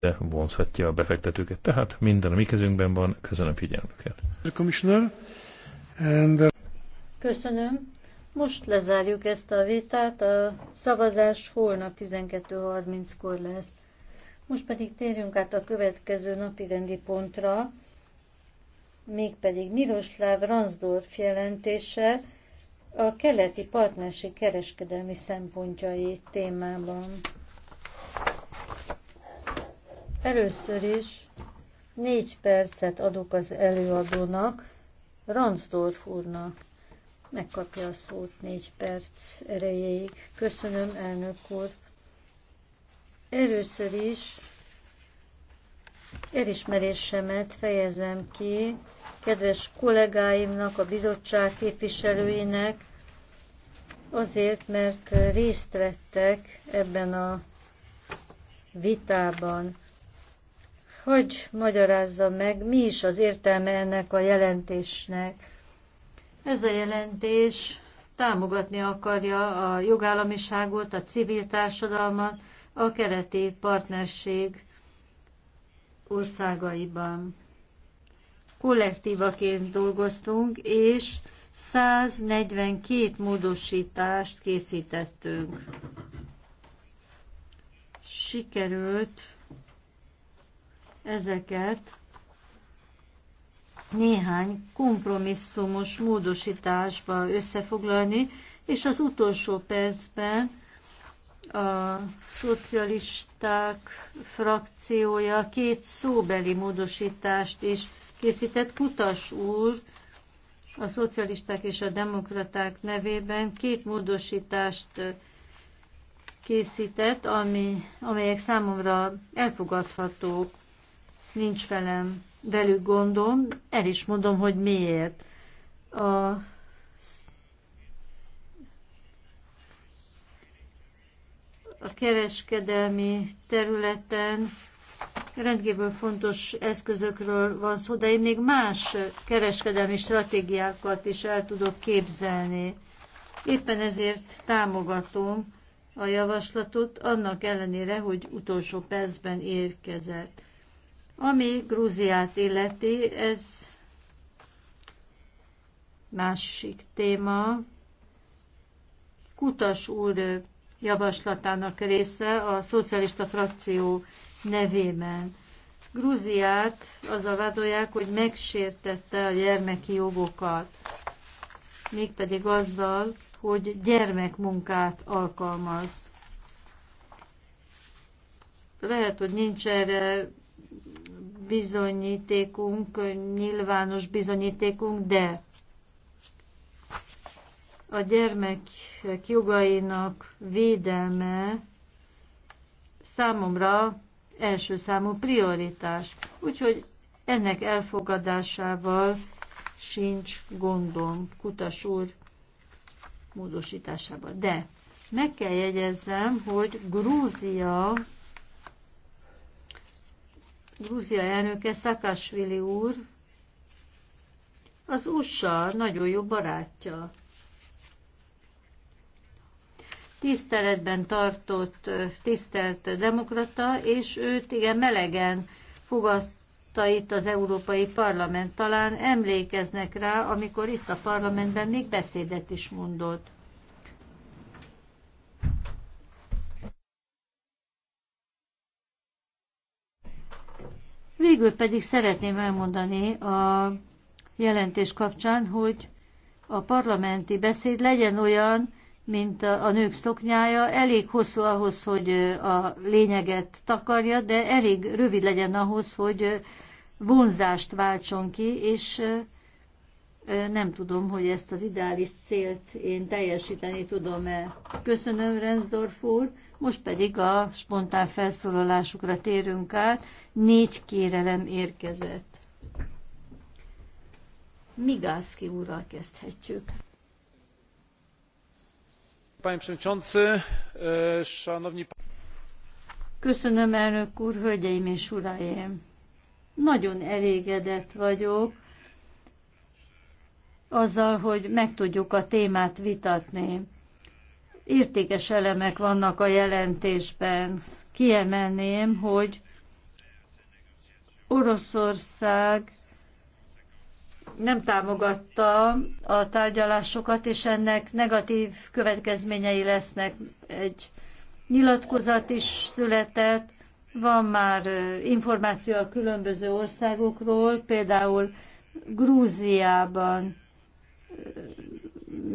de vonzhatja a befektetőket. Tehát minden a mi kezünkben van. Köszönöm figyelmüket. Uh, köszönöm. Most lezárjuk ezt a vitát. A szavazás holnap 12.30-kor lesz. Most pedig térjünk át a következő napi rendi pontra, mégpedig Miroslav Ransdorf jelentése a keleti partnerség kereskedelmi szempontjai témában. Először is négy percet adok az előadónak, Ransdorf úrnak. Megkapja a szót négy perc erejéig. Köszönöm, elnök úr. Először is elismerésemet fejezem ki kedves kollégáimnak, a bizottság képviselőinek, azért, mert részt vettek ebben a vitában hogy magyarázza meg, mi is az értelme ennek a jelentésnek. Ez a jelentés támogatni akarja a jogállamiságot, a civil társadalmat, a kereti partnerség országaiban. Kollektívaként dolgoztunk, és 142 módosítást készítettünk. Sikerült ezeket néhány kompromisszumos módosításba összefoglalni, és az utolsó percben a szocialisták frakciója két szóbeli módosítást is készített. Kutas úr a szocialisták és a demokraták nevében két módosítást készített, ami, amelyek számomra elfogadhatók nincs velem velük gondom, el is mondom, hogy miért. A a kereskedelmi területen rendkívül fontos eszközökről van szó, de én még más kereskedelmi stratégiákat is el tudok képzelni. Éppen ezért támogatom a javaslatot, annak ellenére, hogy utolsó percben érkezett. Ami Grúziát illeti, ez másik téma. Kutas úr javaslatának része a szocialista frakció nevében. Grúziát az a vádolják, hogy megsértette a gyermeki jogokat, mégpedig azzal, hogy gyermekmunkát alkalmaz. Lehet, hogy nincs erre bizonyítékunk, nyilvános bizonyítékunk, de a gyermekek jogainak védelme számomra első számú prioritás. Úgyhogy ennek elfogadásával sincs gondom, Kutas úr módosításában. De meg kell jegyezzem, hogy Grúzia Grúzia elnöke Szakásvili úr az USA nagyon jó barátja. Tiszteletben tartott, tisztelt demokrata, és őt igen melegen fogadta itt az Európai Parlament. Talán emlékeznek rá, amikor itt a parlamentben még beszédet is mondott. Végül pedig szeretném elmondani a jelentés kapcsán, hogy a parlamenti beszéd legyen olyan, mint a nők szoknyája, elég hosszú ahhoz, hogy a lényeget takarja, de elég rövid legyen ahhoz, hogy vonzást váltson ki, és nem tudom, hogy ezt az ideális célt én teljesíteni tudom-e. Köszönöm, Rensdorf úr. Most pedig a spontán felszólalásukra térünk át. Négy kérelem érkezett. Migászki úrral kezdhetjük. Panie Przewodniczący, e, Szanowni Köszönöm, elnök úr, hölgyeim és uraim! Nagyon elégedett vagyok azzal, hogy meg tudjuk a témát vitatni értékes elemek vannak a jelentésben. Kiemelném, hogy Oroszország nem támogatta a tárgyalásokat, és ennek negatív következményei lesznek. Egy nyilatkozat is született, van már információ a különböző országokról, például Grúziában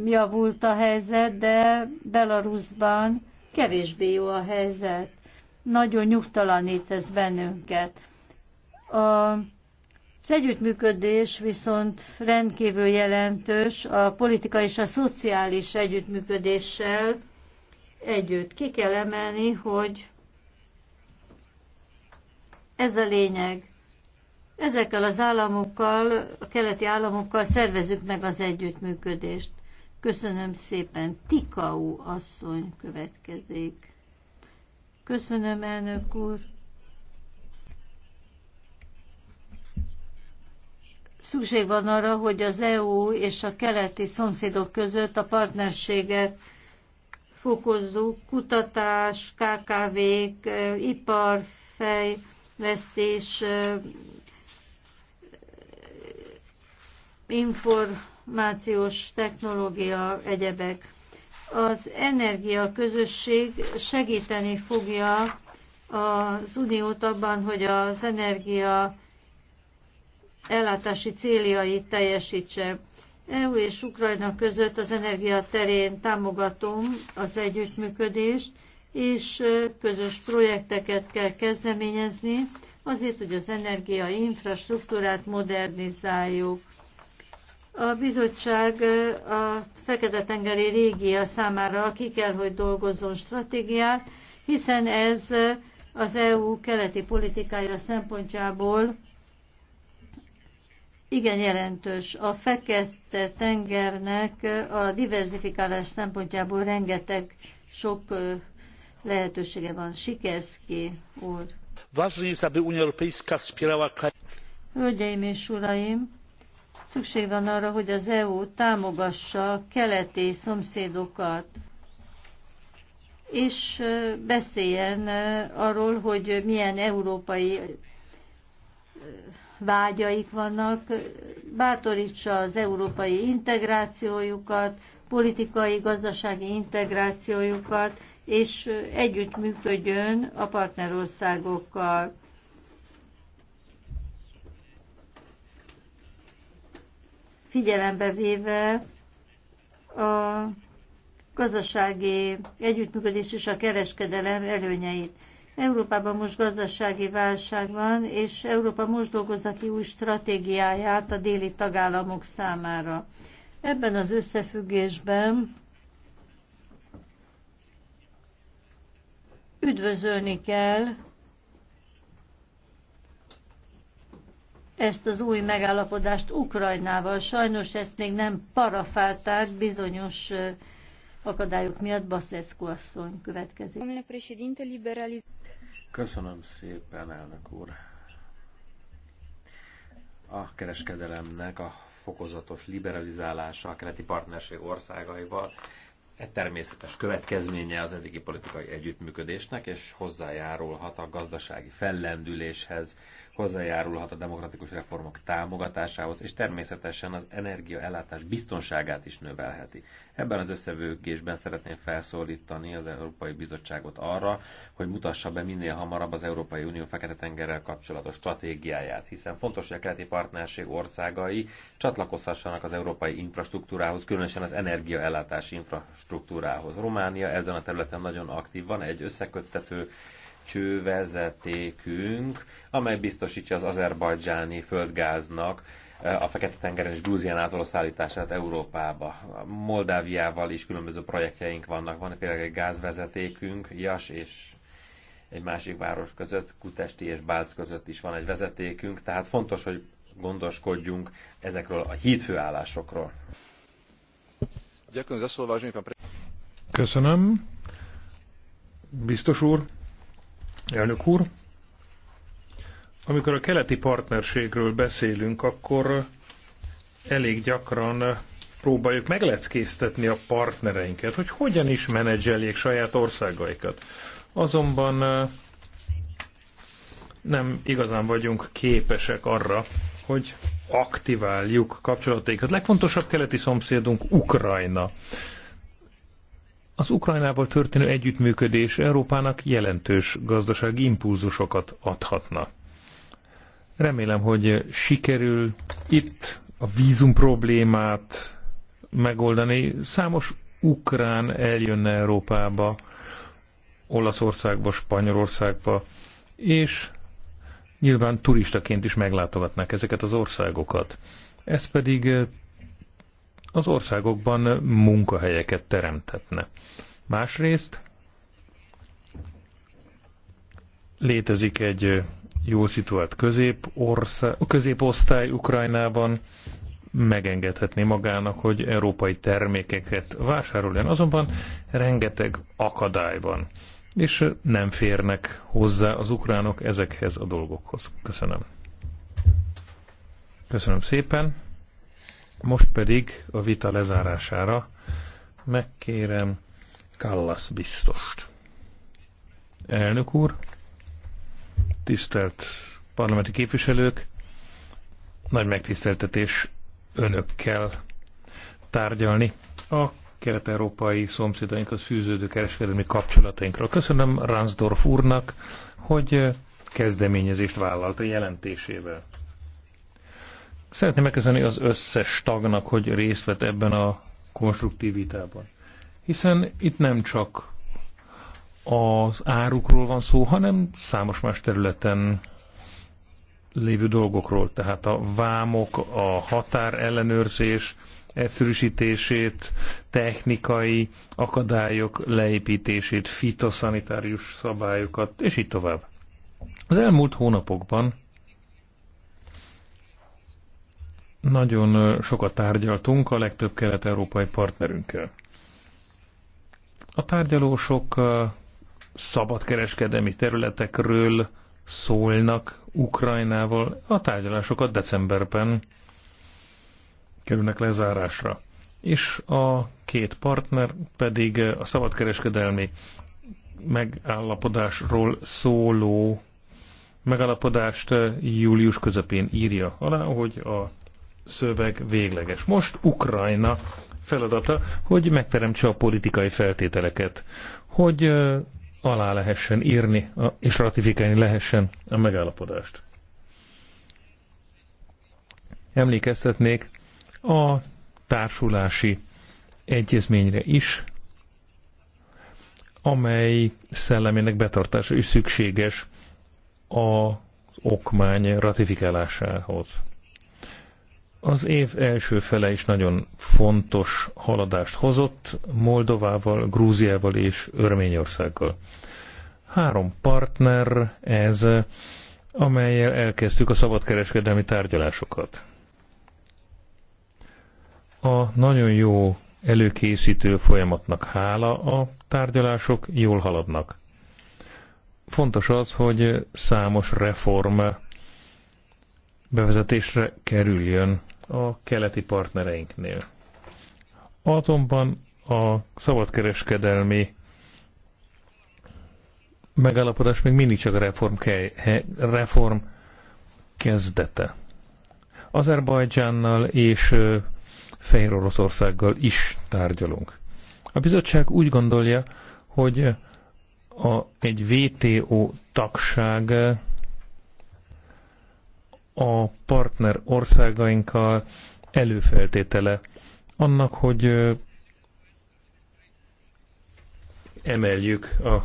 javult a helyzet, de Belarusban kevésbé jó a helyzet. Nagyon nyugtalanít ez bennünket. A az együttműködés viszont rendkívül jelentős a politika és a szociális együttműködéssel együtt. Ki kell emelni, hogy ez a lényeg. Ezekkel az államokkal, a keleti államokkal szervezzük meg az együttműködést. Köszönöm szépen. Tikau asszony következik. Köszönöm, elnök úr. Szükség van arra, hogy az EU és a keleti szomszédok között a partnerséget fokozzuk, kutatás, KKV-k, fejlesztés inform információs technológia, egyebek. Az energia közösség segíteni fogja az uniót abban, hogy az energia ellátási céljait teljesítse. EU és Ukrajna között az energia terén támogatom az együttműködést, és közös projekteket kell kezdeményezni, azért, hogy az energia infrastruktúrát modernizáljuk. A bizottság a Fekete-tengeri régia számára ki kell, hogy dolgozzon stratégiát, hiszen ez az EU keleti politikája szempontjából igen jelentős. A fekete tengernek a diversifikálás szempontjából rengeteg sok lehetősége van. Sikerszki úr. Ważne jest, aby Unia Europejska wspierała Hölgyeim és uraim, Szükség van arra, hogy az EU támogassa keleti szomszédokat, és beszéljen arról, hogy milyen európai vágyaik vannak, bátorítsa az európai integrációjukat, politikai, gazdasági integrációjukat, és együttműködjön a partnerországokkal. figyelembe véve a gazdasági együttműködés és a kereskedelem előnyeit. Európában most gazdasági válság van, és Európa most dolgozza ki új stratégiáját a déli tagállamok számára. Ebben az összefüggésben üdvözölni kell ezt az új megállapodást Ukrajnával. Sajnos ezt még nem parafálták bizonyos akadályok miatt. Baszeszko asszony következik. Köszönöm szépen, elnök úr. A kereskedelemnek a fokozatos liberalizálása a keleti partnerség országaival egy természetes következménye az eddigi politikai együttműködésnek, és hozzájárulhat a gazdasági fellendüléshez, hozzájárulhat a demokratikus reformok támogatásához, és természetesen az energiaellátás biztonságát is növelheti. Ebben az összevőgésben szeretném felszólítani az Európai Bizottságot arra, hogy mutassa be minél hamarabb az Európai Unió Fekete-tengerrel kapcsolatos stratégiáját, hiszen fontos, hogy a keleti partnerség országai csatlakozhassanak az európai infrastruktúrához, különösen az energiaellátási infrastruktúrához. Románia ezen a területen nagyon aktív van, egy összeköttető csővezetékünk, amely biztosítja az azerbajdzsáni földgáznak eh, a Fekete-tengeren és Grúzián által szállítását Európába. A Moldáviával is különböző projektjeink vannak, van például egy gázvezetékünk, Jas és egy másik város között, Kutesti és Bálc között is van egy vezetékünk, tehát fontos, hogy gondoskodjunk ezekről a hídfőállásokról. Köszönöm. Biztos úr. Elnök úr, amikor a keleti partnerségről beszélünk, akkor elég gyakran próbáljuk megleckéztetni a partnereinket, hogy hogyan is menedzseljék saját országaikat. Azonban nem igazán vagyunk képesek arra, hogy aktiváljuk kapcsolataikat. Legfontosabb keleti szomszédunk Ukrajna. Az Ukrajnával történő együttműködés Európának jelentős gazdasági impulzusokat adhatna. Remélem, hogy sikerül itt a vízum problémát megoldani. Számos ukrán eljönne Európába, Olaszországba, Spanyolországba, és nyilván turistaként is meglátogatnák ezeket az országokat. Ez pedig az országokban munkahelyeket teremthetne. Másrészt létezik egy jó szituált közép ország, középosztály Ukrajnában, megengedhetné magának, hogy európai termékeket vásároljon. Azonban rengeteg akadály van, és nem férnek hozzá az ukránok ezekhez a dolgokhoz. Köszönöm. Köszönöm szépen. Most pedig a vita lezárására megkérem Kallas biztost. Elnök úr, tisztelt parlamenti képviselők, nagy megtiszteltetés önökkel tárgyalni a kelet-európai szomszédainkhoz fűződő kereskedelmi kapcsolatainkról. Köszönöm Ransdorf úrnak, hogy kezdeményezést vállalt a jelentésével. Szeretném megköszönni az összes tagnak, hogy részt vett ebben a konstruktív vitában. Hiszen itt nem csak az árukról van szó, hanem számos más területen lévő dolgokról, tehát a vámok, a határ ellenőrzés egyszerűsítését, technikai akadályok leépítését, fitoszanitárius szabályokat, és így tovább. Az elmúlt hónapokban Nagyon sokat tárgyaltunk a legtöbb kelet-európai partnerünkkel. A tárgyalósok szabadkereskedelmi területekről szólnak Ukrajnával. A tárgyalásokat decemberben kerülnek lezárásra. És a két partner pedig a szabadkereskedelmi megállapodásról szóló megállapodást július közepén írja alá, hogy a szöveg végleges. Most Ukrajna feladata, hogy megteremtse a politikai feltételeket, hogy alá lehessen írni és ratifikálni lehessen a megállapodást. Emlékeztetnék a társulási egyezményre is, amely szellemének betartása is szükséges a okmány ratifikálásához. Az év első fele is nagyon fontos haladást hozott Moldovával, Grúziával és Örményországgal. Három partner ez, amelyel elkezdtük a szabadkereskedelmi tárgyalásokat. A nagyon jó előkészítő folyamatnak hála a tárgyalások jól haladnak. Fontos az, hogy számos reform bevezetésre kerüljön a keleti partnereinknél. Azonban a szabadkereskedelmi megállapodás még mindig csak a reform, ke- reform kezdete. Azerbajdzsánnal és Fehér Oroszországgal is tárgyalunk. A bizottság úgy gondolja, hogy a, egy VTO tagság a partner országainkkal előfeltétele annak, hogy emeljük a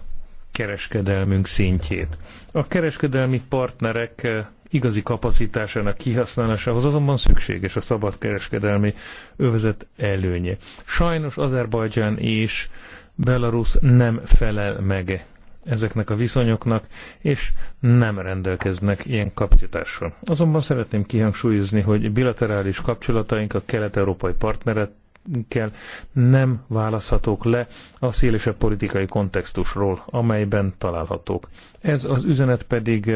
kereskedelmünk szintjét. A kereskedelmi partnerek igazi kapacitásának kihasználásához azonban szükséges a szabad kereskedelmi övezet előnye. Sajnos Azerbajdzsán és Belarus nem felel meg ezeknek a viszonyoknak, és nem rendelkeznek ilyen kapacitással. Azonban szeretném kihangsúlyozni, hogy bilaterális kapcsolataink a kelet-európai partnerekkel nem választhatók le a szélesebb politikai kontextusról, amelyben találhatók. Ez az üzenet pedig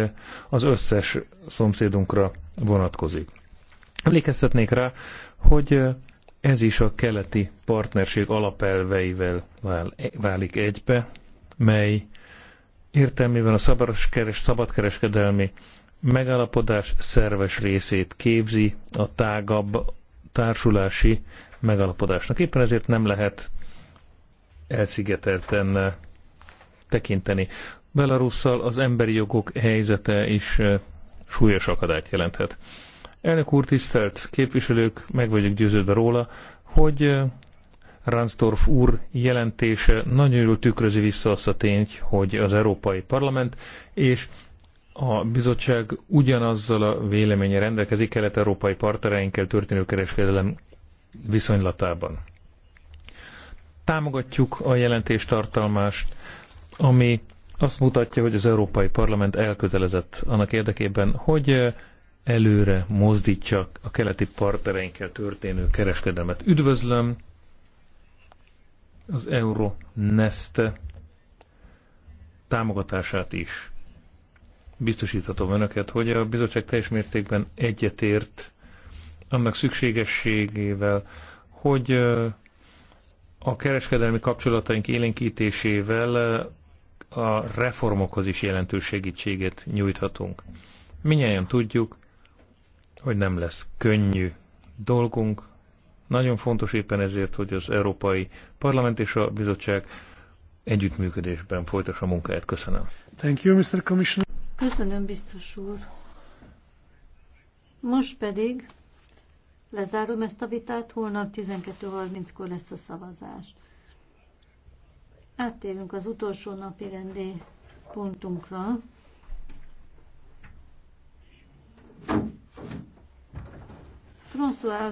az összes szomszédunkra vonatkozik. Emlékeztetnék rá, hogy ez is a keleti partnerség alapelveivel válik egybe, mely értelmében a szabadkeres, szabadkereskedelmi megállapodás szerves részét képzi a tágabb társulási megállapodásnak. Éppen ezért nem lehet elszigetelten tekinteni. Belarusszal az emberi jogok helyzete is súlyos akadályt jelenthet. Elnök úr, tisztelt képviselők, meg vagyok győződve róla, hogy Ransdorf úr jelentése nagyon jól tükrözi vissza azt a tényt, hogy az Európai Parlament és a bizottság ugyanazzal a véleménye rendelkezik kelet-európai partnereinkkel történő kereskedelem viszonylatában. Támogatjuk a jelentés tartalmást, ami azt mutatja, hogy az Európai Parlament elkötelezett annak érdekében, hogy előre mozdítsa a keleti partnereinkkel történő kereskedelmet. Üdvözlöm az Euronest támogatását is. Biztosíthatom önöket, hogy a bizottság teljes mértékben egyetért annak szükségességével, hogy a kereskedelmi kapcsolataink élénkítésével a reformokhoz is jelentős segítséget nyújthatunk. Minnyáján tudjuk, hogy nem lesz könnyű dolgunk, nagyon fontos éppen ezért, hogy az Európai Parlament és a Bizottság együttműködésben folytassa a munkáját. Köszönöm. Thank you, Mr. Commissioner. Köszönöm, biztos úr. Most pedig lezárom ezt a vitát, holnap 12.30-kor lesz a szavazás. Áttérünk az utolsó napi rendi pontunkra. François